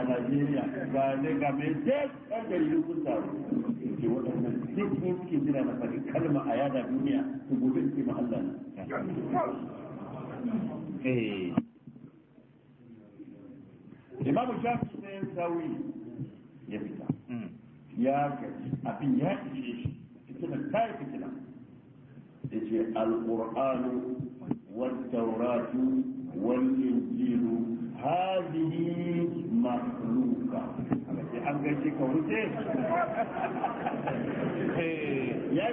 a Najeriya ga ne ga mai dai ɗan yi kun ke waɗannan duk ne suke jira na faɗi kalma a yada duniya su gobe suke ma Allah na. Eh. Imamu Shafi ne sawi ya fita. Hmm. Ya gaji abin ya ishe shi fitina ta yi fitina. Ya ce Al-Qur'anu wal-Tauratu wal-Injilu هذه مخلوقة an gaishe ka ka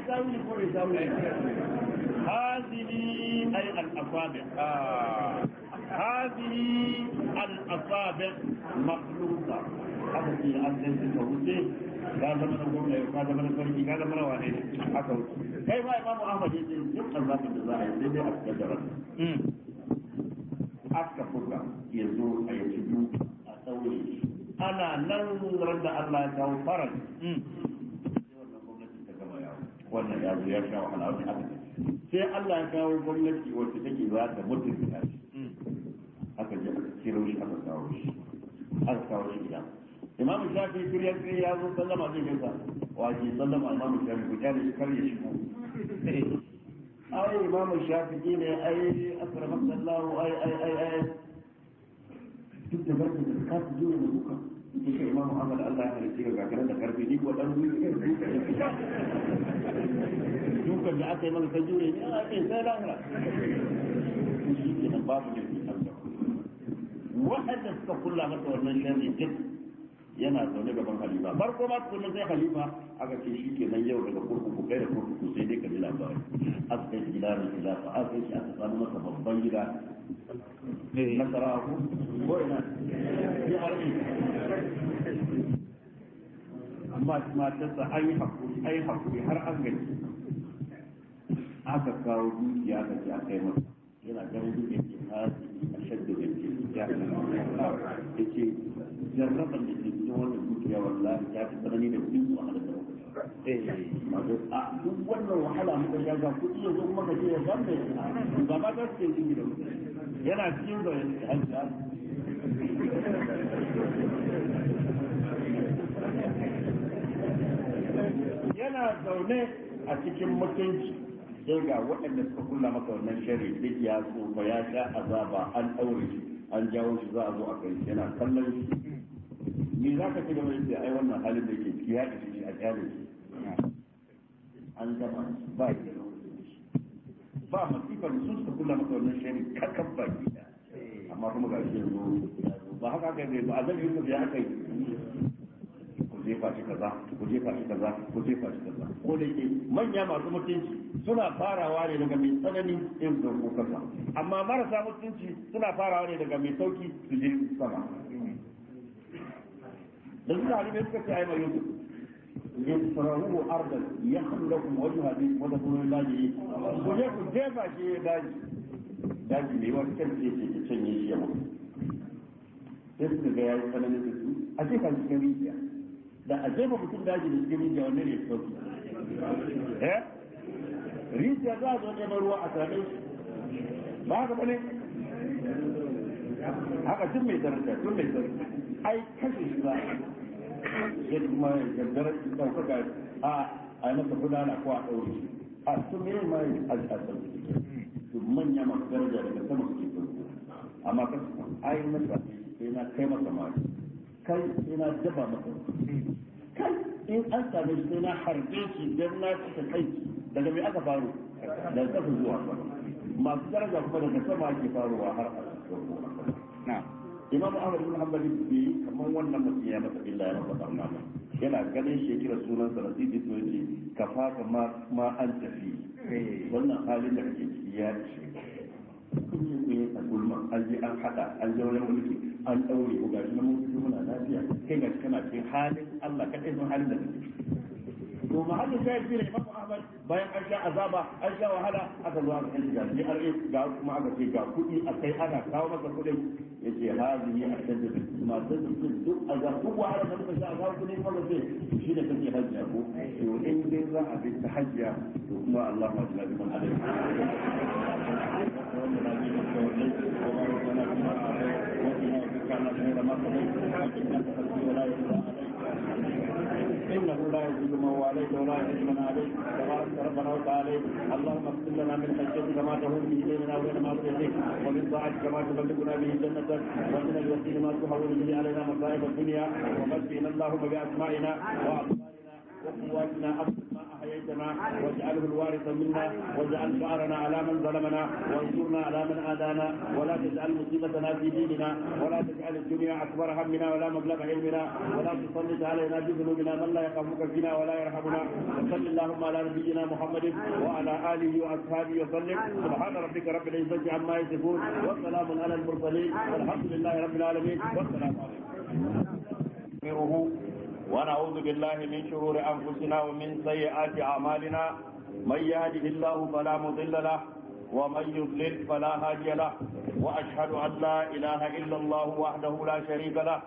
zama na gwamna ka zama na sarki ka zama na wane wuce kai ma imamu ahmad ya ce duk da za a yi a cikin aka buga ya zo a yi tudu a tsawon shi ana nan ran da Allah ya kawo faran mm. wannan gwamnati ta gama yawo wannan ya zo ya sha wahala wani aka sai Allah ya kawo gwamnati wacce take za ta mutunta shi mm. aka je aka kira shi aka kawo shi aka kawo shi gida imam shafi kirya kirya ya zo sallama zai gaisa wa ke sallama imam shafi ku kyale shi kar ya shigo أي إمام الشافعي أي أكرم خمسة الله أي أي أي أي تبدأ بس تذكر تجول من بكرة تيجي إمام عمل الله على السيرة بعد كذا ذكر في ديك ولا نقول كذا نقول كذا جاءت إمام تجول يعني أنت لا لا واحد استقل الله تورنا لنا من جد yana zaune gaban halifa farko ma su sai halifa aka ce shi ke nan yau daga kurkuku kai da kurkuku sai dai ka ji labari askai gida da gida fa askai shi aka samu masa babban gida eh. nasara ku ko ina ya harbi amma matarsa an yi hakuri an yi hakuri har an gani aka kawo dukiya ka ji a kai masa yana ganin dukiya ke hasi a shaddu da ke ya ce jarraban da ke ita wannan dukiya wallahi ta fi tsanani da kudin wahala da wahala eh. a duk wannan wahala muka sha ga kudi yanzu kuma ka ce ya san me ga ma ta ce yin gidan yana cikin da hanta yana zaune a cikin mutunci sai ga waɗanda suka kulla maka wannan shari duk ya tsufa ya sha azaba an ɗaure shi an jawo shi za a zo a kai yana kallon shi ni za ka ci gaba da ai wannan halin da ke ciki ya ci a kyale an gama ba shi da ba masifar su suka kula maka wannan shari kakan ba baki da amma kuma ga shi yanzu ba haka kai bai ba a zan yusuf ya haka yi ku jefa shi kaza ku jefa shi kaza ku jefa shi kaza ko da yake manya masu mutunci suna farawa ne daga mai tsanani in zo ko kasa amma marasa mutunci suna farawa ne daga mai sauki su je sama دلنا عليهم يذكر في عيما يوسف يسرعوه أرضا يخل لكم وجه هذه ودخل الله جي وجهك الزيفة شيء داجي داجي بيوان كم شيء شيء شيء شيء يمون تسمى بيائي سلامة تسمى أشيك عن الكميجة لا أشيك عن الكميجة داجي الكميجة ونري يفتوك ها ريت يا داج وجه مروع أسامي ما هذا بني هذا تسمى درجة تسمى درجة ai kashe shi za ya kuma yardar ɗaukaka a a masa gudana ko a ɗaure shi a su mai mai a sauki su manya masu daraja daga sama su ke sauki amma kasu ai masa sai na kai masa mari kai sai na daba masa kai in an same shi sai na harbe shi don na cika kai daga mai aka faru daga kasa zuwa masu daraja kuma daga sama ake faruwa har a sauki imam ahmad bin hanbali bai kamar wannan mutum ya masa illa ya masa barna ba yana ganin shi kira sunan sa rasidi to yace ka faka ma an tafi eh. wannan halin da kake ciki ya ce kun yi a gulma an je an hada an je wani mulki an ɗaure ko gashi na mun muna lafiya kai gashi kana cikin halin Allah kadai san halin da kake ciki to mahallin kai shi ne Imam Ahmad bayan an sha azaba an sha wahala aka zo aka kalli gashi har ga kuma aka ce ga kuɗi a kai ana kawo masa kuɗin yace hazihi ashaddu ma taddu duk azabu wa ala man sha azaba kuɗi fa ga sai shi ne kake hajja ko to in dai za a bi ta hajja to kuma Allah ma jalla biman alai وما ربنا بما أعطيت وقنا بك على خير ما قضيت وإنك تقضي ولا يقضى انه لا يذل من واليت ولا يعز من عليك تبارك ربنا وتعالى اللهم اغفر لنا من خشيتك ما تهون به بيننا وبين معصيتك ومن طاعتك ما تبلغنا به جنتك ومن اليقين ما تحول به علينا مصائب الدنيا ومتعنا اللهم باسمائنا واعطائنا وقواتنا ابدا السماء واجعله الوارث منا واجعل ثارنا على من ظلمنا وانصرنا على من آذانا ولا تجعل مصيبتنا في ديننا ولا تجعل الدنيا اكبر همنا ولا مبلغ علمنا ولا تسلط علينا بذنوبنا من لا يخافك فينا ولا يرحمنا وصل اللهم على نبينا محمد وعلى اله واصحابه وسلم سبحان ربك رب العزه عما يصفون وسلام على المرسلين والحمد لله رب العالمين والسلام عليكم ونعوذ بالله من شرور أنفسنا ومن سيئات أعمالنا من يهده الله فلا مضل له ومن يضلل فلا هادي له وأشهد أن لا إله إلا الله وحده لا شريك له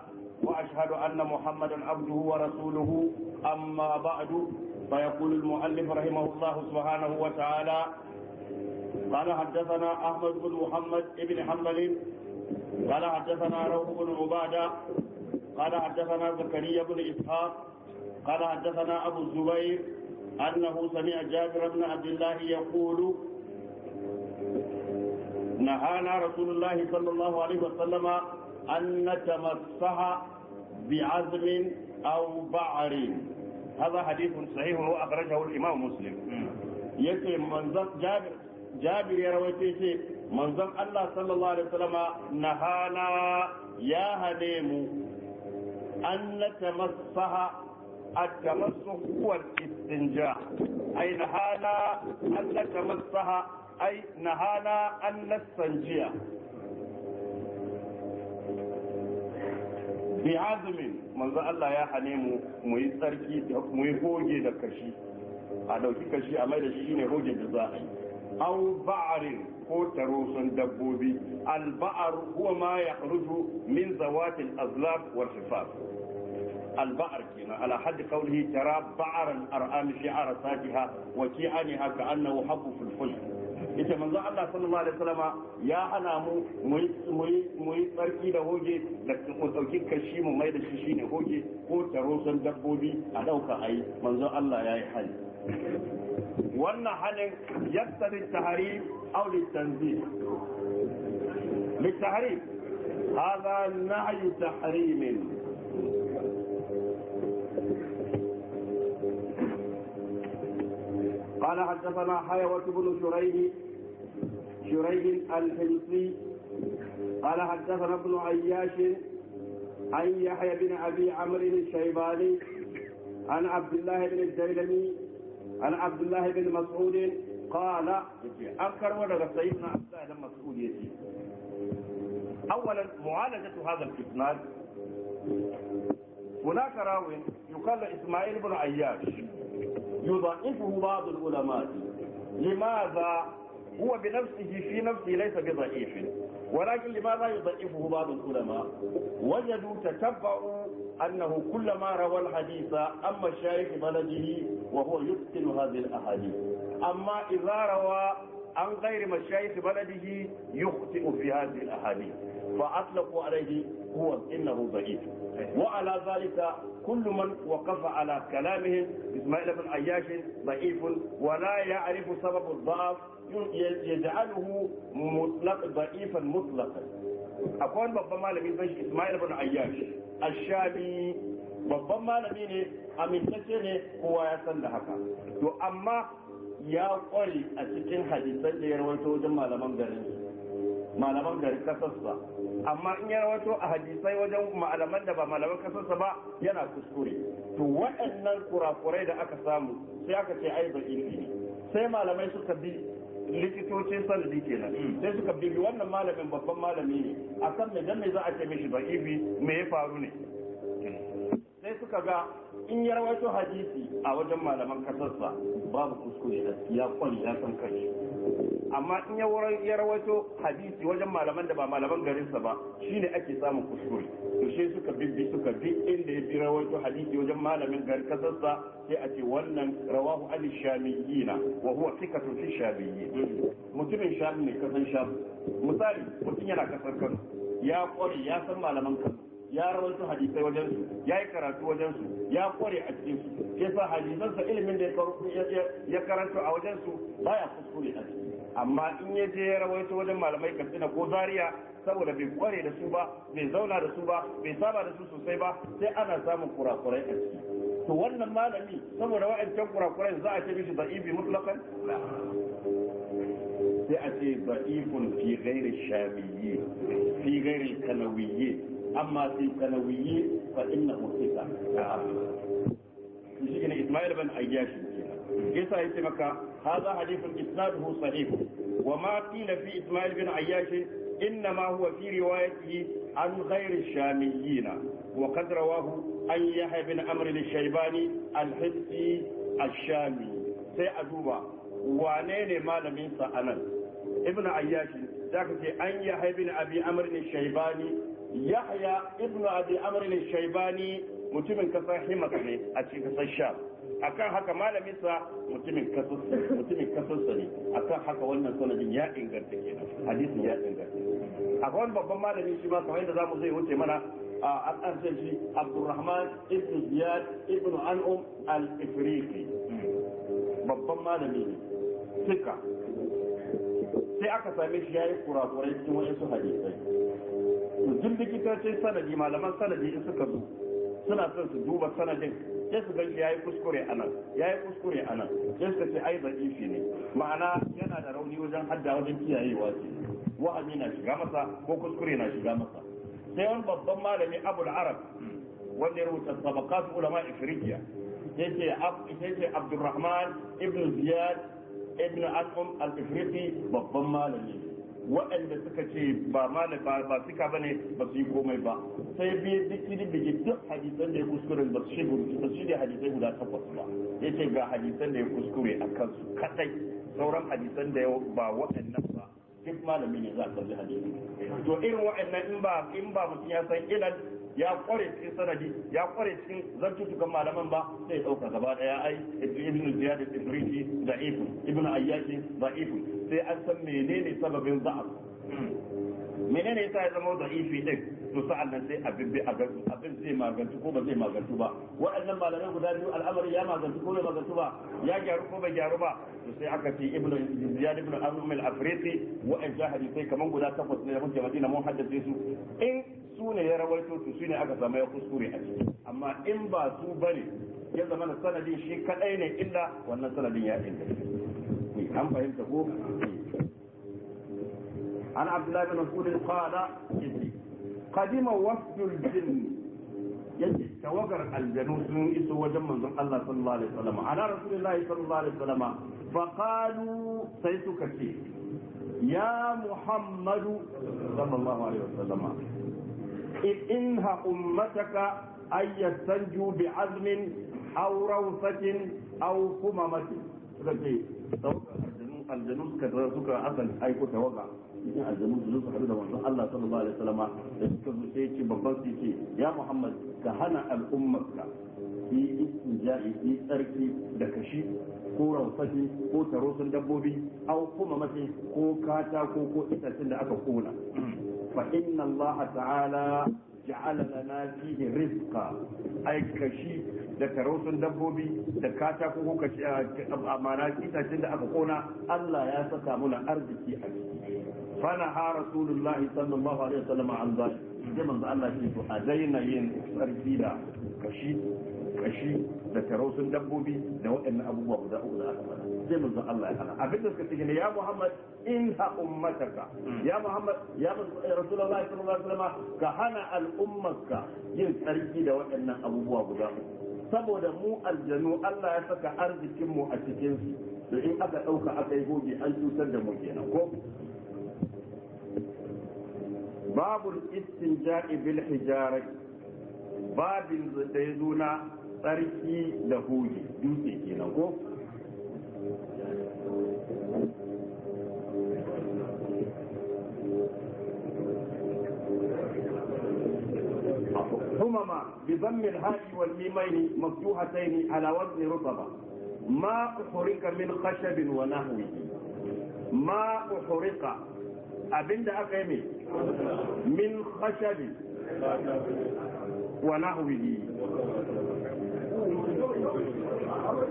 وأشهد أن محمدا عبده ورسوله أما بعد فيقول المؤلف رحمه الله سبحانه وتعالى قال حدثنا أحمد بن محمد بن حنبل قال حدثنا روح بن عبادة قال حدثنا زكريا بن إسحاق قال حدثنا أبو الزبير أنه سمع جابر بن عبد الله يقول نهانا رسول الله صلى الله عليه وسلم أن نتمسح بعزم أو بعر هذا حديث صحيح وأخرجه الإمام مسلم يسي منظر جابر جابر يروي شيء منظر الله صلى الله عليه وسلم نهانا يا هديم أن نتمسح التمسح هو الاستنجاء أي نهانا أن نتمسح أي نهانا أن نستنجي بعزم منذ الله يا حليم مي تركي مي هوجي دكشي a ɗauki kashi a mai da shi ne hoge da za a yi au ba'arin ko tarusun dabbobi alba'ar huwa ma ya min zawatin azlab wal hifaf البعر كنا على tara قوله ترى بعر الأرآم في عرساتها وكيعانها كأنه حب في الحجر ita manzo Allah sallallahu alaihi wasallama ya hana mu mu yi tsarki da hoge da mu dauki kashi mu mai da shi shine hoge ko tarosan dabbobi a dauka ai manzo Allah yayi hali wannan hannun yadda littaharif au littanzih للتحريم هذا نعي تحريم قال حدثنا حيوة بن شريح شريح الحمصي قال حدثنا ابن عياش عن يحيى بن ابي عمرو الشيباني عن عبد الله بن الديلمي عن عبد الله بن مسعود قال أكثر ولد سيدنا عبد الله بن مسعود أولا معالجة هذا الإسناد هناك راو يقال إسماعيل بن عياش يضعفه بعض العلماء لماذا هو بنفسه في نفسه ليس بضعيف ولكن لماذا يضعفه بعض العلماء وجدوا تتبعوا أنه كلما روى الحديث أما الشارك بلده وهو يتقن هذه الأحاديث أما إذا روى عن غير مشايخ بلده يخطئ في هذه الأحاديث فأطلقوا عليه هو إنه ضعيف وعلى ذلك كل من وقف على كلامهم إسماعيل بن عياش ضعيف ولا يعرف سبب الضعف يجعله مطلق ضعيفا مطلقا akwai wani babban malami zan shi Ismail bin Ayyash ashabi babban malami ne amintacce ne kowa ya san da haka to amma ya kware a cikin hadisan da ya rawaito wajen malaman garin malaman gari kasarsa amma in ya rawaito a hadisai wajen malaman da ba malaman kasarsa ba yana kuskure to waɗannan kurakurai da aka samu sai aka ce ai ba sai malamai suka bi likitocin sanadi kenan hmm. sai suka bibi wannan malamin babban malami ne a akan me dan me za a ce mishi ibi me ya faru ne sai suka ga in ya rawaito hadisi a wajen malaman kasarsa babu kuskure da ya kwari ya san kai amma in ya rawaito hadisi wajen malaman da ba malaman garinsa ba shine ake samun kuskure to shi suka bibbi suka bi inda ya fi rawaito hadisi wajen malamin garin kasarsa sai a ce wannan rawahu an shamiyina wa huwa fikatun fi shamiyyin mutumin sham ne kasan sham misali mutum yana kasar Kano ya kware ya san malaman Kano ya rawaito hadisai wajen su ya yi karatu wajen su ya kware a cikin su sai sa hadisansa ilimin da ya karanta a wajen su baya kuskure a cikin amma in ya je ya rawaito wajen malamai katsina ko Zariya saboda bai kware da su ba bai zauna da su ba bai saba da su sosai ba sai ana samun kurakurai a ciki to wannan malami saboda wa'ancan kurakurai za a ce mishi da'ibi mutlaqan sai a ce da'ifun fi ghairi shabiyyi fi ghairi kanawiyyi amma fi kanawiyyi fa innahu thiqa shi ne Ismail ban ayyashi ke yasa yace maka hadha hadithun isnaduhu sahih wa ma qila fi isma'il bin ayyash إنما هو في wa عن غير الشاميين وقد رواه أن يحيى shaybani al الشيباني الحسي shami sai a duba wane ne sa a nan ibn ayyashi za ka ce an yahya ibn abi amr ne shaybani yahya ibn abi amr ne shaibani mutumin kasar himas ne a cikin kasar akan haka malamin sa mutumin kasus mutumin kasus ne akan haka wannan sanadin ya inganta kenan hadisi ya inganta akwai wani babban malami shi ma kamar yadda zamu zai wuce mana an an san shi ibn Ziyad ibn An'um al-Ifriqi babban malami ne fika sai aka same shi yayi kurakurai cikin wasu hadisai to duk likitocin sanadi malaman sanadi in suka zo suna son su duba sanadin sai su ya yayi kuskure anan yayi kuskure anan sai su ce ai da'ifi ne ma'ana yana da rauni wajen hadda wajen kiyayewa ce wa'azi na shiga masa ko kuskure na shiga masa sai wani babban malami abul arab wanda ya rubuta tabaqat ulama ifriqiya sai ce sai ce abdurrahman ibn ziyad ibnu ibn al-ifriqi babban malami waɗanda suka ce ba malik ba suka bane ba su yi komai ba sai biye da bigi duk hadisan da ya kuskure ba su shige hadisai guda takwas ba ce ga hadisan da ya kuskure a kansu kadai sauran hadisan da ba waɗannan ba duk malami ne za a kalli hadisi to irin waɗannan in ba in ba mutum ya san ilal ya kware cikin sanadi ya kware cikin zartutukan malaman ba sai ya dauka gaba daya ai ibnu ziyad al da ibnu ibnu ayyaki da ibnu sai an san menene sababin za'a. menene yasa ya zama da'ifi din to sa'an nan sai abin bi a gantu abin zai magantu ko ba zai magantu ba waɗannan malamai guda biyu al'amari ya magantu ko ya magantu ba ya gyaru ko bai gyaru ba to sai aka ce ibnu ziyad ibnu amr al-afriqi wa'an jahili sai kaman guda takwas ne da muke madina mun haddace su in su ne ya rawaito to su ne aka samu ya kuskure a ciki amma in ba su bane ya zama sanadin shi kadai ne illa wannan sanadin ya inganta an fahimta ko an abdullahi bin mas'ud qala qadima wafdul jinn yace tawagar aljanu sun iso wajen manzon Allah sallallahu alaihi wasallam ala rasulillahi sallallahu alaihi wasallam fa qalu sai suka ce ya muhammadu sallallahu alaihi wasallam inha ummataka an yastanju bi azmin aw rawsatin aw kumamatin suka ce saukar aljanu aljanu suka suka asal aiko tawaga cikin aljanu su suka hadu da manzon Allah sallallahu alaihi wasallam da suka zo sai ce babban su ce ya Muhammad ka hana al'ummarka yi istinja'i yi tsarki da kashi ko rausaki ko tarosun dabbobi au kuma mace ko kata ko ko itacen da aka kona fa inna Allah ta'ala ja'ala lana fihi rizqa ai kashi da karausun dabbobi da kata ko kashi amana kitacin da aka kona Allah ya saka muna arziki a ciki fana ha rasulullahi sallallahu alaihi wasallam an zai manzo Allah ce to a daina yin sarki da kashi kashi da tarausun dabbobi da waɗannan abubuwa guda uku da aka faɗa sai manzon Allah ya hana abinda suka ce ne ya Muhammad in ha ummataka hmm. ya Muhammad ya Rasulullahi sallallahu alaihi wasallam ka hana al'ummarka yin tsarki da waɗannan abubuwa guda uku saboda mu aljanu Allah ya saka arzikin mu a cikin su da in aka ɗauka aka yi gobe an cutar da mu kenan ko babul istinja'i bil hijarati babin da ya zo na tsarki da huji dutse kenan ko همما بضم الهاء والميمين مفتوحتين على وزن رطبة ما أحرق من خشب abinda ما أحرق أبند أقيمي من خشب ونحوه ba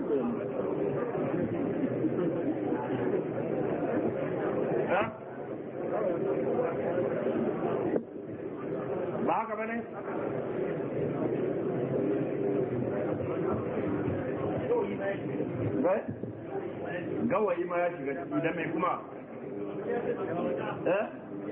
haka ba ne eh? gawayi ma ya shiga idan mai kuma eh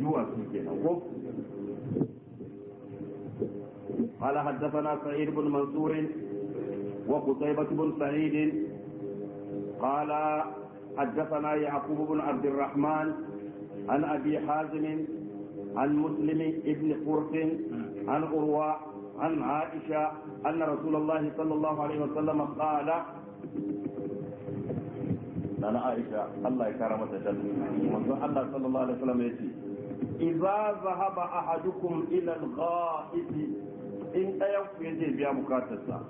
duwatsu kenan ko قال حدثنا سعيد بن منصور وقتيبة بن سعيد قال حدثنا يعقوب بن عبد الرحمن عن أبي حازم عن مسلم ابن قرط عن عروة عن عائشة أن رسول الله صلى الله عليه وسلم قال أنا عائشة الله يكرمك جل الله صلى الله عليه وسلم يتي iza zahaba ahadukum ila al ghaibi in ɗayan ku yaje biya bukatarsa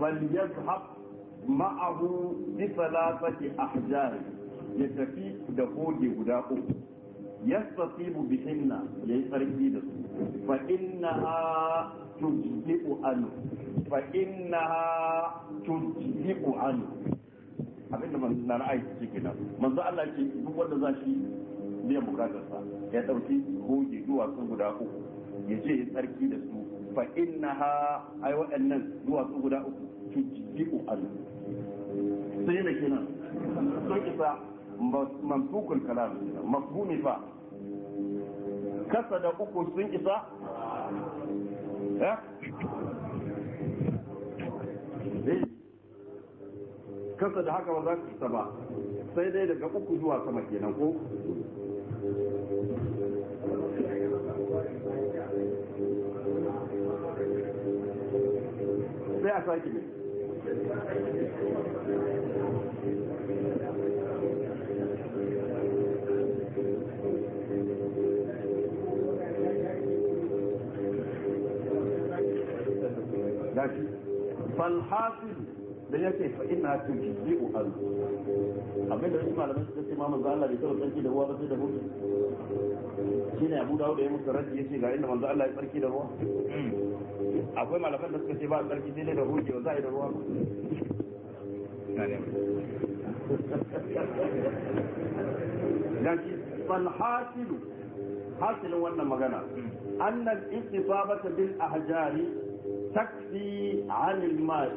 falyazhab ma'ahu bi thalathati ahjar ya tafi da koge guda uku yastasibu bihinna yayi tsarki da su fa innaha tujzi'u anhu fa anhu abinda manzo na ra'ayi cikin nan manzo Allah ce duk wanda za shi biyan bukatarsa ya ɗauki goge duwatsu guda uku ya je ya tsarki da su fa ha ai waɗannan duwatsu guda uku tujbi'u al sai da kenan sun isa mamtukul kalam mafhumi fa kasa da uku sun isa eh? Eh? kasa da haka ba za ku isa ba sai dai daga uku zuwa sama kenan ko Veja só aí comigo. فالحاصل dan ya ce fa inna tujzi'u al abin da wasu malamai suka ce mamu Allah bai tsara tsarki da ruwa ba sai da hudu ne Abu dawo da ya musu raddi yace ga inda manzo Allah ya tsarki da ruwa akwai malaman da suka ce ba tsarki sai ne da hudu za a da ruwa fal hasilu, فالحاصل wannan magana, مغنى ان bil ahjari takfi anil ma'i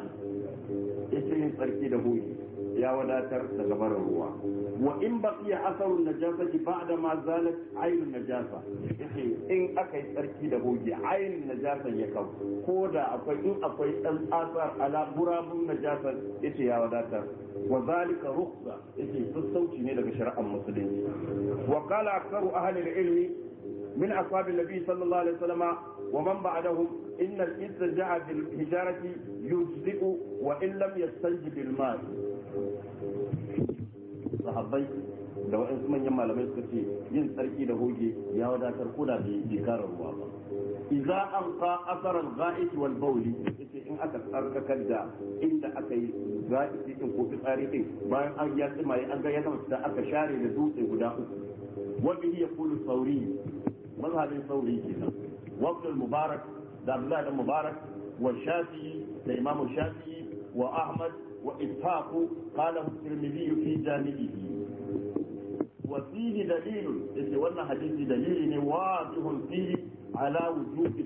yace yin tsarki da hoji ya wadatar daga barin ruwa wa in baqiya asarun najasati ba'da ma zalat ainun najasa yace in aka yi tsarki da hoji ainun najasa ya kan ko da akwai in akwai dan asar ala burabun najasa yace ya wadatar wa zalika rukhsa yace sauci ne daga shari'ar musulunci wa qala aktharu ahli al-ilmi من أصحاب النبي صلى الله عليه وسلم ومن بعدهم إن الاستنجاء بالحجارة يجزئ وإن لم يستنج بالماء صحابي da waɗansu manyan malamai suka ce yin tsarki da hoge ya wadatar kuna da jikarar ruwa ba idza an qa asar al ga'it wal bawli yace in aka tsarkakar da inda aka yi ga'it din ko fitsari din bayan an ya tsima an ga ya gama aka share da dutse guda uku wa bihi yaqulu sauri مذهب الفوضي وقت المبارك دار الله المبارك والشافعي الإمام الشافعي وأحمد وإسحاق قاله الترمذي في جامعه وفيه دليل إذا قلنا حديث دليل واضح فيه ala wujubi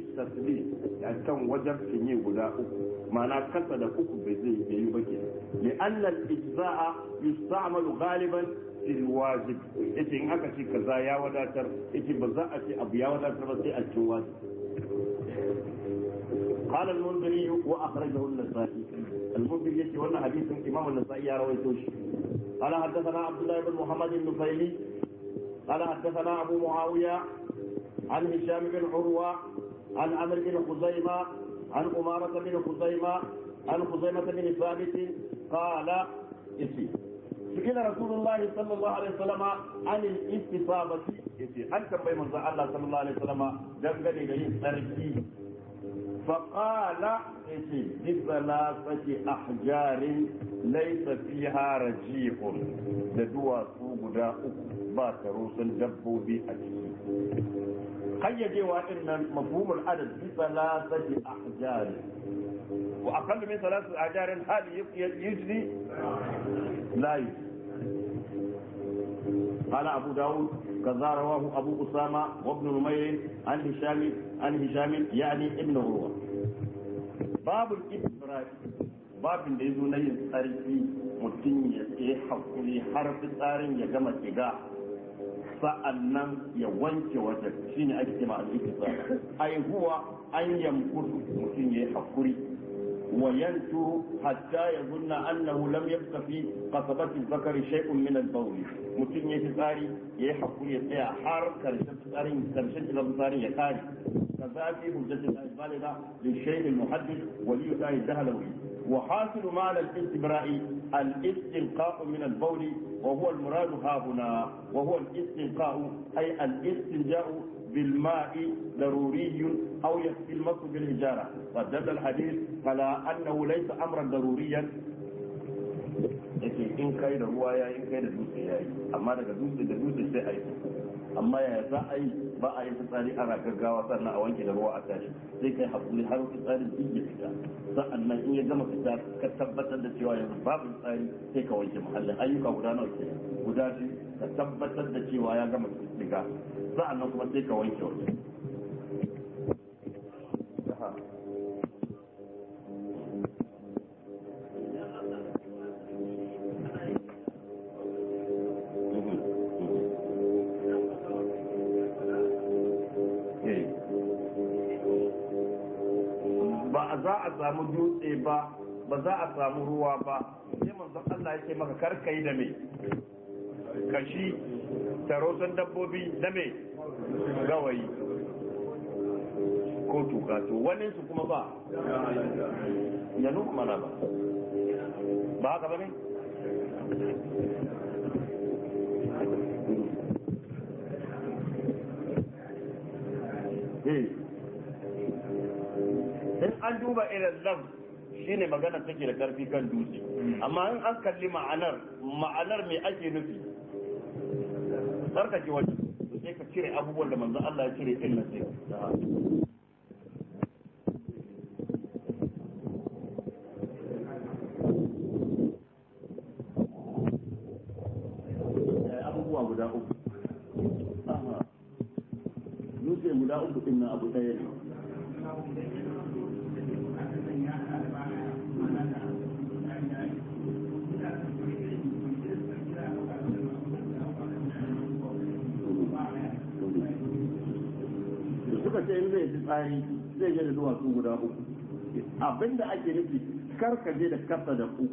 ya kan wajabcin yi guda uku ma'ana kasa da uku bai zai yi ba kenan ne annal ijza'a yusta'malu ghaliban fil wajib yace in aka ce kaza ya wadatar yace ba za a ce abu ya wadatar ba sai a ce wajib قال المنذري واخرجه النسائي المنذري يشي وانا حديث امام النسائي يا رويته قال حدثنا عبد الله بن محمد النفيلي قال حدثنا ابو معاويه عن هشام بن عروة عن عمرو بن خزيمة عن أمارة بن خزيمة عن خزيمة بن ثابت قال اسي سئل رسول الله صلى الله عليه وسلم عن الاستفاضة اسي هل تنبي من الله صلى الله عليه وسلم دمجني لي تركي فقال اسي بثلاثة أحجار ليس فيها رجيق لدوا سوق داء باكروس الجبو دبوا بأجيب kayyadewa din nan mafhumul adad bi salasati ahjari wa aqallu min salasati ahjari hadi yusli lay qala abu daud kazarahu abu usama wa ibn umayr an hisham an hisham yani ibn urwa babu ibrahim babin da yazo na yin tsarki mutum ya yi hakuri har fitsarin ya gama shiga sa'annan ya wanke wata shi ne ake cewa al sa ai huwa an yamku mutum yayi hakuri wa وينتر حتى يظن أنه لم يبق في قصبة الذكر شيء من البول mutum ya fi tsari ya yi hakuri ya tsaya har karshen tsarin karshen kitabun tsarin ya kare ka zafi hujjatin al-balida li shay'in muhaddith wa li yudai jahala وحاصل معنى الاستبراء الاستنقاء من البول وهو المراد ها هنا وهو الاستنقاء أي الاستنجاء بالماء ضروري أو يكفي المس بالحجارة فدل الحديث على أنه ليس أمرا ضروريا yake in kai da ruwa yayi in kai da dutse yayi amma daga dutse da dutse sai a yi amma yaya za a yi ba a yi fitsari ana gaggawa sannan a wanke da ruwa a tashi sai kai hakuri har fitsari duk ya fita sa'annan in ya gama fita ka tabbatar da cewa yanzu babu fitsari sai ka wanke muhallin ayyuka guda nawa ke guda biyu ka tabbatar da cewa ya gama sa'an sa'annan kuma sai ka wanke wajen ba za a samu dutse ba ba za a samu ruwa ba sai manzon Allah yake maka karkai da me kashi tarosan dabbobi da me gawayi ko tuka to wani su kuma ba ya nuna mana ba ba ka ba ne an duba irin lam shine magana take da karfi kan dutse hmm. amma in an kalli ma'anar ma'anar me ake nufi tsarkake wajen sai ka cire abubuwan da manzo Allah ya cire din sai tsari zai da duwatsu guda uku abinda ake nufi kar je da kasa da uku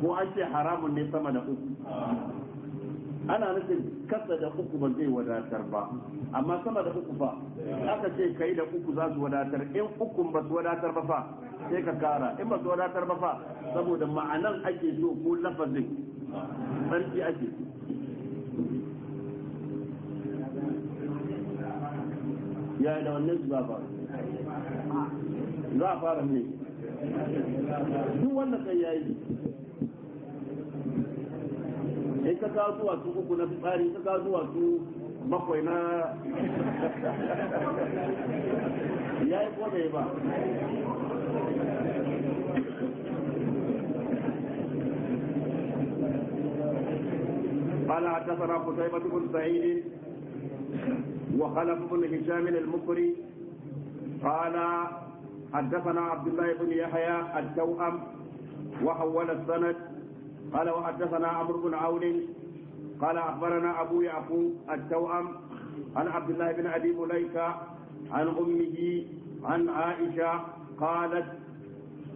ko an haramun ne sama da uku ana nufin kasa da uku ba zai wadatar ba amma sama da uku ba aka ce yi da uku za su wadatar in ukun ba su wadatar ba fa sai ka kara in ba su wadatar ba fa saboda ma'anan ake so ko lafazin sarki ake ya da wannan su za za a fara ne duk wannan kan yayi in ka kawo zuwa su uku na fitsari ka kawo zuwa su bakwai na ya yi ko ba قال حدثنا قتيبة بن سعيد وخلف بن هشام المقري قال حدثنا عبد الله بن يحيى التوأم وحول السند قال وحدثنا عمرو بن عون قال اخبرنا ابو يعقوب التوأم عن عبد الله بن ابي مليكه عن امه عن عائشه قالت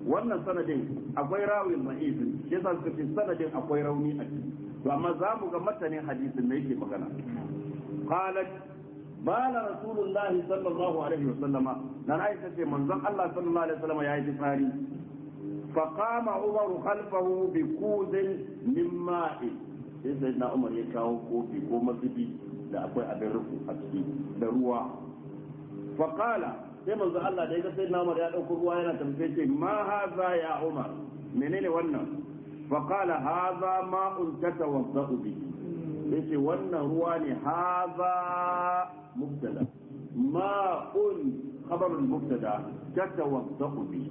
wannan سند akwai راوي ضعيف يسال في suka ce راوي akwai rauni a ciki to amma za mu bana rasulullahi sallallahu alaihi wasallama nan aisha ce manzon Allah sallallahu alaihi wasallama yayi fitsari fa qama umar khalfahu bi kudin min ma'i sai na umar ya kawo kofi ko mazubi da akwai abin rufu a ciki da ruwa fa qala sai manzon Allah da ya ga sai na umar ya dauko ruwa yana tambaye ce ma hadha ya umar menene wannan fa qala hadha ma'un tatawaddau bihi yace wannan ruwa ne haza mubtada ma'un khabarul mubtada tatawaddaqu bi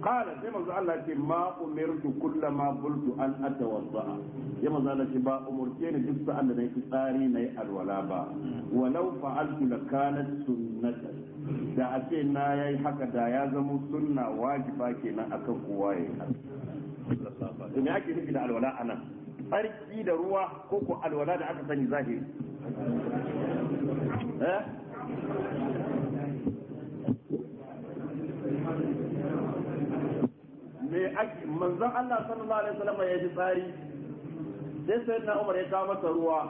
qala sai manzo Allah yace ma umirtu kullama qultu an atawadda ya manzo Allah ba umurke ni duk sa'an da nake tsari nayi alwala ba walau fa'altu lakanat sunnata da a ce na yayi haka da ya zama sunna wajiba kenan akan kowa yayi haka to me ake nufi da alwala anan barki da ruwa ko ko alwala da aka sani zahiri eh? me ake manzon Allah sallallahu alaihi wasallam ya ji tsari sai sai na Umar ya kawo masa ruwa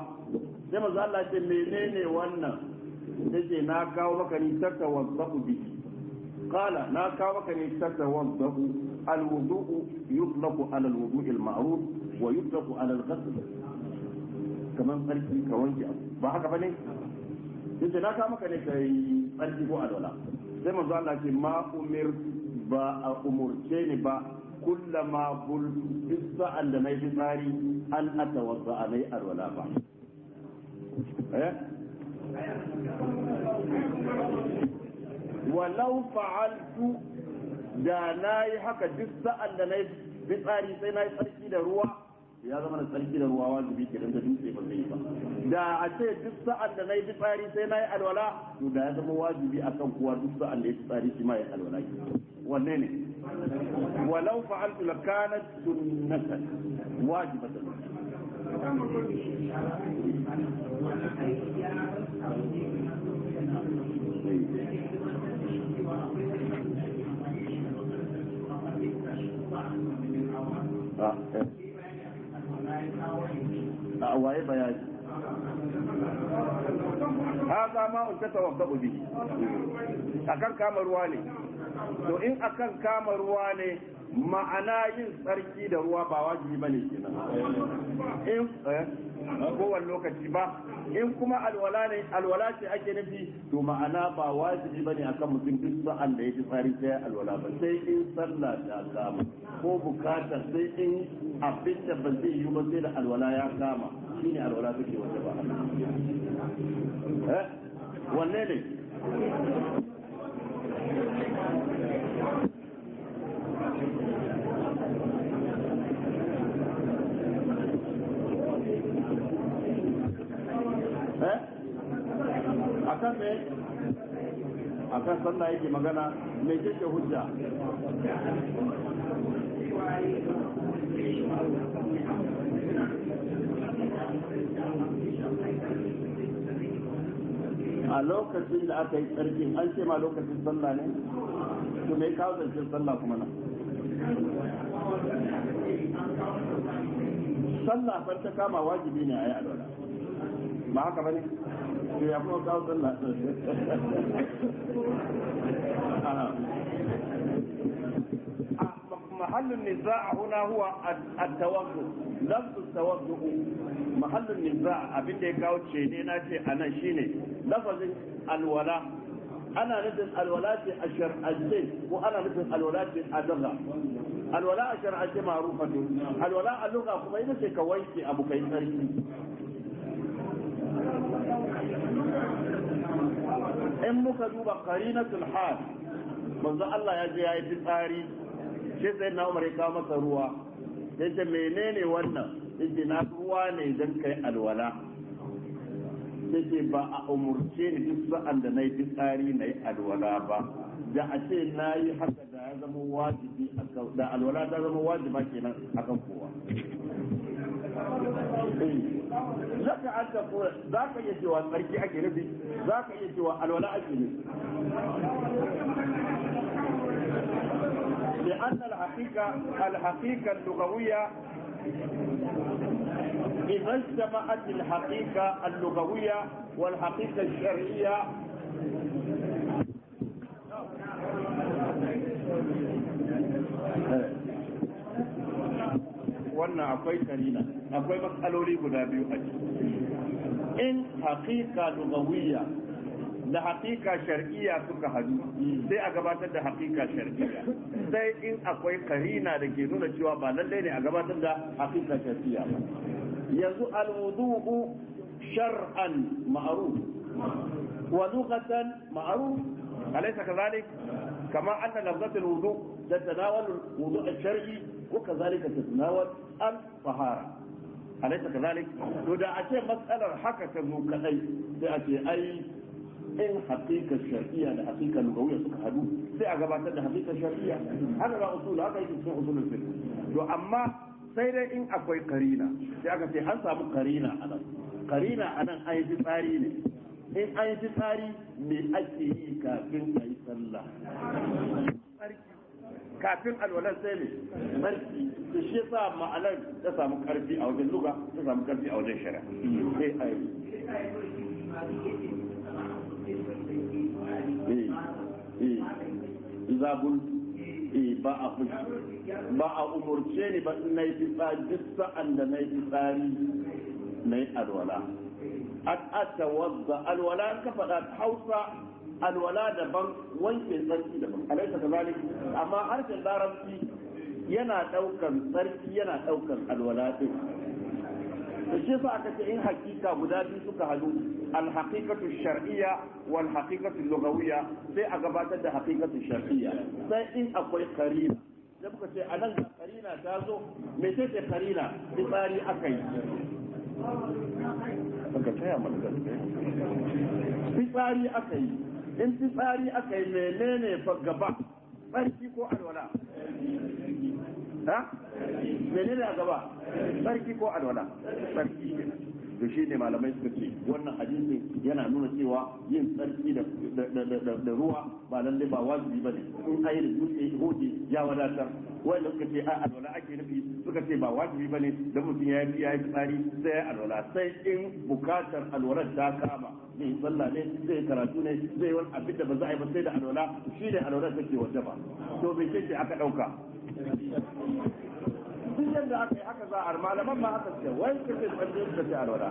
sai manzon Allah ce menene wannan yace na kawo maka ni tarka wasaku bi qala na kawo maka ni tarka wasaku alwudu yutlaqu ala alwudu alma'ruf ويطلق على الغسل كمان قلت لك وانجا ما حكى بني انت لا كما كان يقلت بو ادولا زي ما زال لك ما امر با امر تاني با كل ما قل بس عند ما يفتاري ان اتوضع لي ادولا با إيه؟ ولو فعلت دانا يحكى جسد عندنا بطاري سيناي تركي دروا ya zama da tsarki da ruwa bi ke da dutse ba zai ba da a ce duk sa'an da nayi fitsari sai nayi alwala to da ya zama wajibi akan kowa duk sa'an da yi fitsari shi ma ya alwala wanne ne walau fa'altu lakanat sunnatan wajibatan Ah, eh. a waye bayani haka ma wa kama ruwa ne to in akan kama ruwa ne ma'ana yin tsarki da ruwa ba wajibi ba ne kenan in eh, kowane lokaci ba in kuma alwala ne alwala ce ake nufi to ma'ana ba wajibi bane akan mutum duk sa'an da yake tsari sai alwala ba sai in sallah ta kama ko bukata sai in abin da ba zai yi ba sai da alwala ya kama shine alwala take wata ba eh wanne ne akan me akan sallah yake magana mai kike hujja a lokacin da aka yi tsarki an ce ma lokacin sallah ne to me kawo zancen sallah kuma nan sallah fa ta kama wajibi ne a yi a ba haka ba ne ya kuma kawo sallah محل النزاع هنا هو التوضؤ لفظ التوضؤ محل النزاع ya kawo cene na ce anan shine lafazin alwala ana nufin alwala ce a shar'ance ko ana nufin alwala ce a dalla alwala a shar'ance ma'rufa alwala a kuma ita ce ka wanke abu kai tsarki in muka duba karinatul hal manzo Allah ya je yayi fitsari sai sai na Umar ya kawo masa ruwa yace menene wannan yace na ruwa ne dan kai alwala yace ba a umurce ni duk sa'an da nayi fitsari nayi alwala ba da a ce nayi haka da ya zama wajibi da alwala ta zama wajiba kenan akan kowa an za ka iya cewa tsarki ake nufi za ka iya cewa alwala ake لأن الحقيقة الحقيقة اللغوية إذا اجتمعت الحقيقة اللغوية والحقيقة الشرعية wannan akwai tarina akwai matsaloli guda biyu a ciki in haqiqa lugawiyya da haqiqa shar'iyya suka hadu sai a gabatar da haqiqa shar'iyya sai in akwai karina da ke nuna cewa ba lallai ne a gabatar da haqiqa shar'iyya ba yanzu alwudu'u shar'an ma'ruf wa lughatan ma'ruf alaysa kadhalik kama anna lafzat alwudu' wudu' al-shar'i وكذلك تتناول الطهارة أليس كذلك؟ ودا أتي مسألة حكى كمكأي سأتي أي in haƙiƙa shari'a da haƙiƙa lugawiya suka hadu sai a gabatar da haƙiƙa shari'a haka ba usul haka yake cikin usulul fiqh to amma sai dai in akwai karina sai aka ce an samu karina anan karina anan an yi tsari ne in an yi tsari me ake yi kafin a yi sallah kafin alwalan sai ne barci da shi yasa ma'anar ta samu karfi a wajen luga ta samu karfi a wajen shari'a sai ai eh, eh, eh, zabun ba a fushi ba a umurce ni ba na yi fitsari duk sa'an da na yi fitsari na yi alwala a ta wadda alwala ka faɗa hausa alwala daban wanke tsarki daban alaisa ka zalik amma harshen larabci yana daukan tsarki yana daukan alwala din da shi yasa aka ce in hakika guda biyu suka hadu alhaqiqatu shar'iyya wal haqiqatu lughawiyya sai a gabatar da haqiqatu shar'iyya sai in akwai karina da muka ce a nan karina ta zo me ce ce karina fitsari aka yi aka taya mana gaske fitsari aka yi in fitsari aka yi menene gaba barki ko alwala ha menene a gaba barki ko alwala barki da shi ne malamai suka ce wannan hadisi yana nuna cewa yin tsarki da ruwa ba lalle ba wajibi ba ne in ayi da dutse hoji ya wadatar wanda suka ce a alwala ake nufi suka ce ba wajibi ba ne da mutum ya yi tsari sai alwala sai in bukatar alwalar ta kama zai sallah ne zai karatu ne zai wani abin da ba za a yi ba sai da alwala shi ne alwala take wanda ba to me ce aka dauka duk yadda aka yi haka za a malaman ma aka ce wai kace tsalle da ta alwala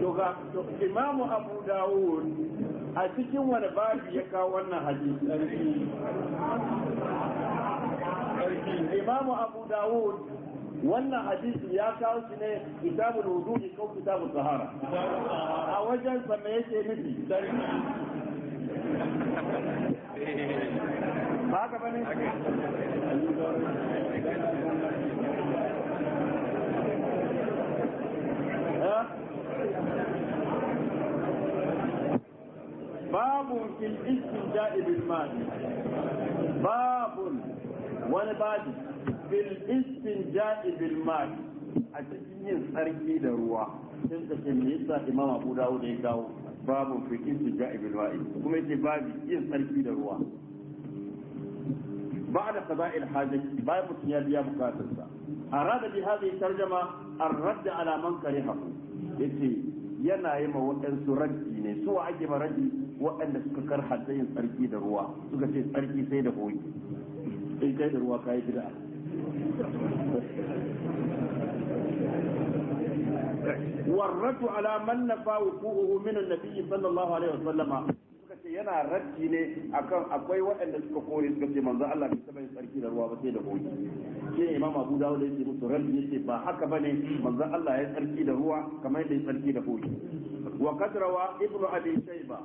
to ga imamu abu dawud a cikin wani babu ya kawo wannan hadisi Imam Abu Dawud wannan hadisi ya kawo shi ne kitabul wudu'i ko kitabul tahara a wajen sa me yake nufi ba ka bane باب في الاستنجاء بالماء باب wani babi bil istinja'i bil ma'i a cikin yin tsarki da ruwa sun ta ce me yasa imam abu dawud ya kawo babu fi istinja'i bil ma'i kuma yake babi yin tsarki da ruwa بعد قضاء الحاجة باي متنيا بيا مقاتلسا أراد بهذه الترجمة الرد على من كرهه يتي yana yi ma waɗansu raji ne su ake ma raji waɗanda suka karhata yin tsarki da ruwa suka ce tsarki sai da hoyi sai kai da ruwa kayi bid'a warratu ala man nafa wuquhu min an-nabi sallallahu alaihi wasallam suka ce yana raddi ne akan akwai waɗanda suka kore suka ce manzo Allah bai taba yin sarki da ruwa ba sai da goge shi imam Abu Dawud yake musu raddi yace ba haka bane manzo Allah ya sarki da ruwa kamar yadda ya sarki da goge wa qad rawa ibnu abi shayba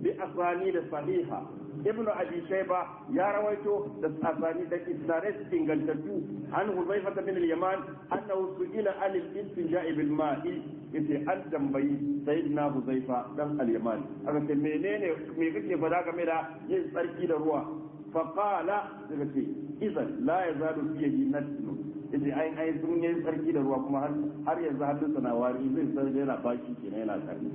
bi asani da sahiha ibn abi shayba ya rawaito da asani da isnadai ingantattu an huzaifa bin al-yaman annahu su'ila an al-istinja'i bil ma'i yace an tambayi sayyidina huzaifa dan al-yaman aka ce menene me kake fada game da yin tsarki da ruwa fa qala daga ce idan la yazalu fihi naslu yace ai ai sun yi tsarki da ruwa kuma har yanzu hannunsa na wari zai san yana kenan yana tsarki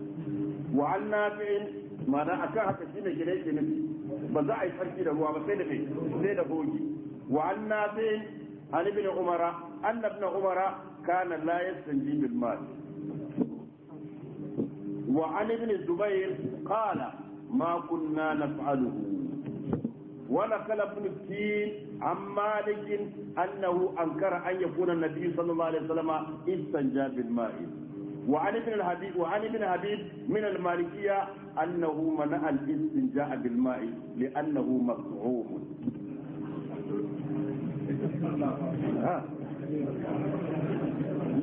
wa an nafi'in ma'ana akan haka shine gidai ke nufi ba za a yi sarki da ruwa ba sai da sai da bogi wa an na sai an ibn umara an ibn umara kana la yastanji bil mal wa an ibn zubair qala ma kunna naf'alu wala kala ibn tin amma lakin annahu ankara an yakuna nabiy sallallahu alaihi wasallam istanja bil mal وعن ابن الحبيب وعن ابن الحبيب من المالكية أنه منع الاستنجاء بالماء لأنه مصعوب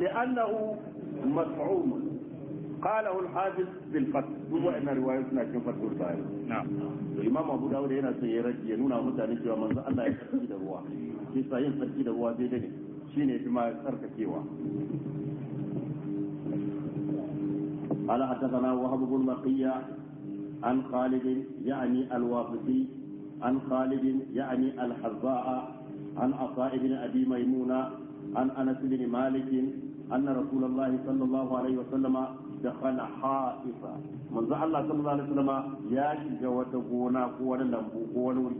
لأنه مصعوم قاله الحافظ في الفتح هو ان روايتنا في فتح الباري نعم الامام ابو داود هنا sai ya rage ya nuna mutane cewa manzo Allah ya tsarki da ruwa shi sai yin tsarki da ruwa قال حدثنا وهب بن مقية عن خالد يعني الوافدي عن خالد يعني الحذاء عن عطاء بن أبي ميمونة عن أنس بن مالك أن رسول الله صلى الله عليه وسلم دخل حائفا من زعل الله صلى الله عليه وسلم يا شجا وتقونا قوة لنبو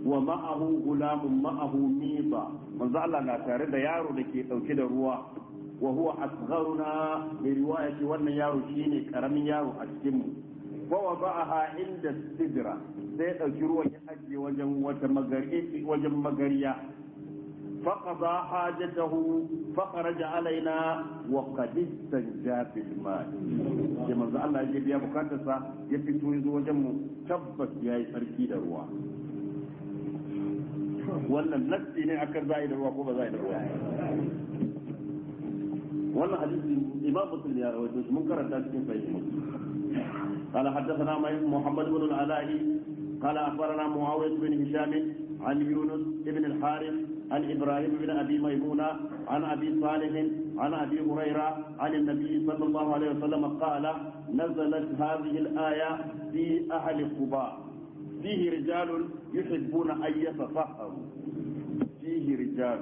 wa ma'ahu gulamun ma'ahu miza manzo Allah na tare da yaro da ke dauke da ruwa wa huwa asgharuna bi riwayati wannan yaro shine karamin yaro a cikin mu fa wada'aha inda sidra sai dauki ruwan ya ajiye wajen wata magari wajen magariya فقضى حاجته فخرج علينا وقد استنجى بالماء كما قال الله يجب يا بكاتسا يفتو يزو وجمه تبت يا سركي دروا wannan nassi ne akan zai da ruwa ko ba zai da ruwa وانا حديث imam muslim ya rawaito shi mun karanta قال حدثنا محمد بن العلاء قال اخبرنا معاويه بن هشام عن يونس بن الحارث عن ابراهيم بن ابي ميمونه عن ابي صالح عن ابي هريره عن النبي صلى الله عليه وسلم قال نزلت هذه الايه في اهل قباء فيه رجال يحبون ان يتطهروا فيه رجال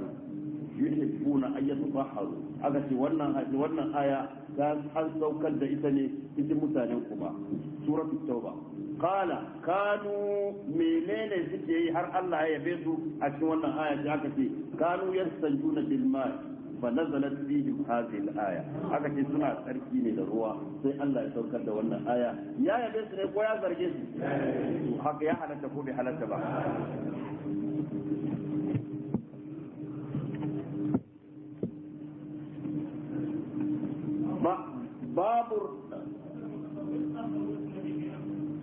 يحبون ان يتطهروا aka ce wannan wannan aya ga an saukar da ita ne cikin mutanen ku kuma suratu tauba qala kanu menene suke yi har Allah ya yabe su a cikin wannan aya da aka ce kanu yastanjuna bil ma'i fa nazalat fihim hadhihi al aya aka ce suna tsarki ne da ruwa sai Allah ya saukar da wannan aya ya yabe su ne ko ya zarge su haka ya halatta ko bai halatta ba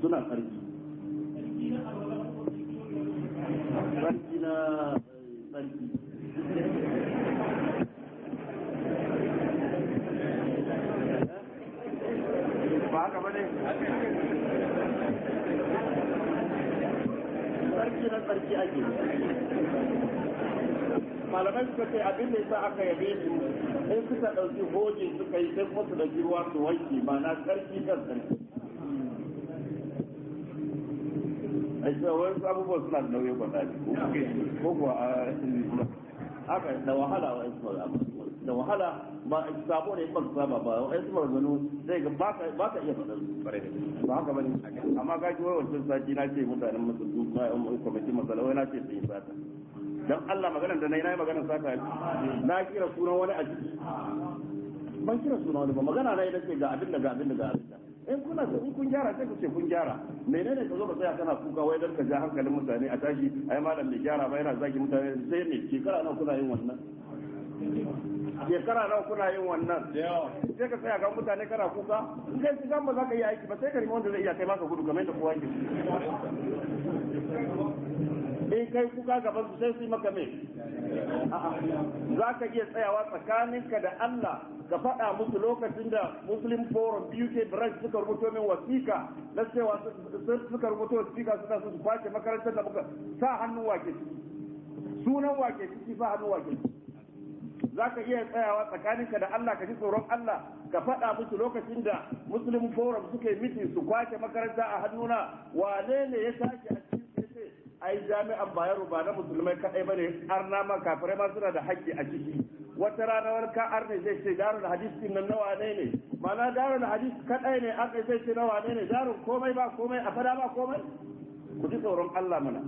suna tsarki tsarki na eh, ba haka tsarki na tsarki ake malamai suka ce abin da yasa aka yabe su in suka ɗauki hojin suka yi sai kuma su ɗauki ruwa su wanke ba na tsarki kan tsarki wasu abubuwan suna da nauyin kwata ne ko kuwa haka da wahala wa da wahala ba sabo ne ba saba ba wa sai ga ba ka iya ba haka amma ka ji wancan sati na ce mutanen yan kwamitin na ce sun yi sata Allah maganar da maganar sata na kira sunan wani a ban kira sunan wani ba magana na yi ga abin da ga abin da ga abin da in kuna so in kun gyara sai ku ce kun gyara menene ka zo ka tsaya kana kuka wai dan ka ja hankalin mutane a tashi ai malam bai gyara ba yana zagi mutane sai ne shekara nawa kuna yin wannan shekara nawa kuna yin wannan sai ka tsaya ga mutane kana kuka in kai kuka ba za ka yi aiki ba sai ka rima wanda zai iya kai maka gudu kamar yadda kowa yake in kai kuka gaban su sai su yi maka me za ka iya tsayawa tsakaninka da Allah ka faɗa musu lokacin da Muslim Forum UK branch suka rubuto min wasiƙa na cewa suka rubuto wasiƙa suna su kwace makarantar da muka sa hannun wake sunan wake ciki sa hannun wake za ka iya tsayawa tsakaninka da Allah ka ji tsoron Allah ka faɗa musu lokacin da Muslim Forum suke miti su kwace makaranta a hannuna wane ne ya sake a ai jami'an bayero ba na musulmai kadai bane arna ma kafirai ma suna da haƙƙi a ciki wata rana wani ka arne zai ce da hadis din nan nawa ne ne mana da hadis kadai ne arne zai ce nawa ne ne darul komai ba komai a fada ba komai ku ji tsoron Allah mana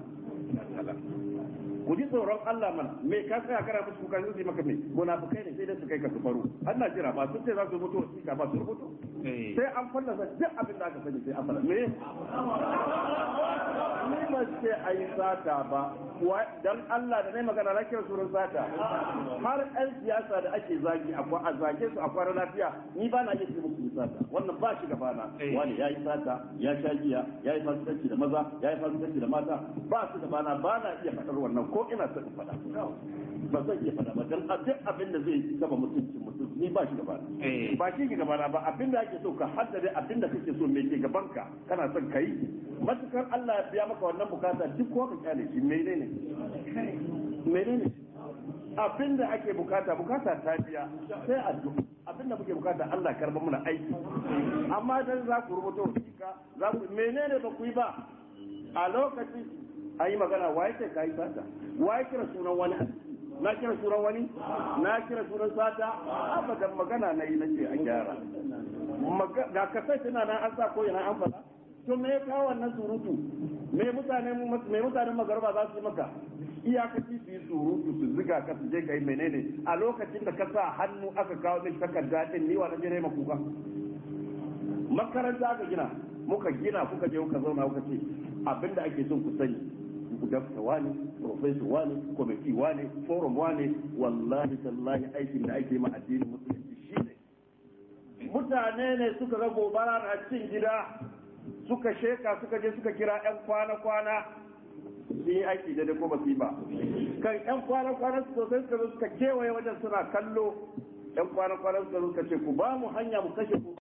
mu ji tsoron Allah man me ka tsaya kana musu kuka zai maka me munafikai ne sai dai su kai ka su faru Allah jira ba sun ce za su mutu ka ba su rubutu eh. sai an fallasa duk abin da aka sani sai an fallasa me ni ba sai ai sata ba dan Allah da nai magana na kira surun sata har ɗan siyasa da ake zagi a zage su a kwarar lafiya ni ba na yin musu sata wannan ba shi gaba na eh. wani ya yi sata ya sha giya ya yi fasikanci da maza ya yi fasikanci da mata ba su gaba na ba na iya faɗar wannan ko ina son faɗa ba zan iya faɗa ba dan duk abin da zai saba mutuncin mutum ba shi gaba eh. ba shi ke gaba ba abin da ake so ka haddare abin da kake so mai ke gaban ka kana son kai matukar Allah ya biya maka wannan bukata duk ko ka kyale shi menene menene abin da ake bukata bukata ta biya sai addu'a abin da muke bukata Allah karba mana aiki amma dan za ku rubuta wasiƙa za ku menene ba ku yi ba a lokacin ayi magana waye kai kai sata waye kira sunan wani na kira suran wani na kira suran sata abadan magana na yi na ce a gyara da kasai tana nan an sa ko ina an kasa to me ya kawo wannan surutu me mutane me mutanen magarba za su yi maka ci su yi surutu su ziga ka su je kai menene a lokacin da ka sa hannu aka kawo min takarda din ni wa jere jire kuka makaranta aka gina muka gina kuka je kuka zauna kuka ce abinda ake son ku sani dafta wane professor wane committee wane forum wane wallahi tallahi aikin da ake ma addinin musulunci shine mutane ne suka ga gobara na cin gida suka sheka suka je suka kira yan kwana-kwana sun yi aiki da ko ba ba kan yan kwana-kwana su sosai suka zo suka kewaye wajen suna kallo yan kwana-kwana suka zo suka ce ku ba mu hanya mu kashe ku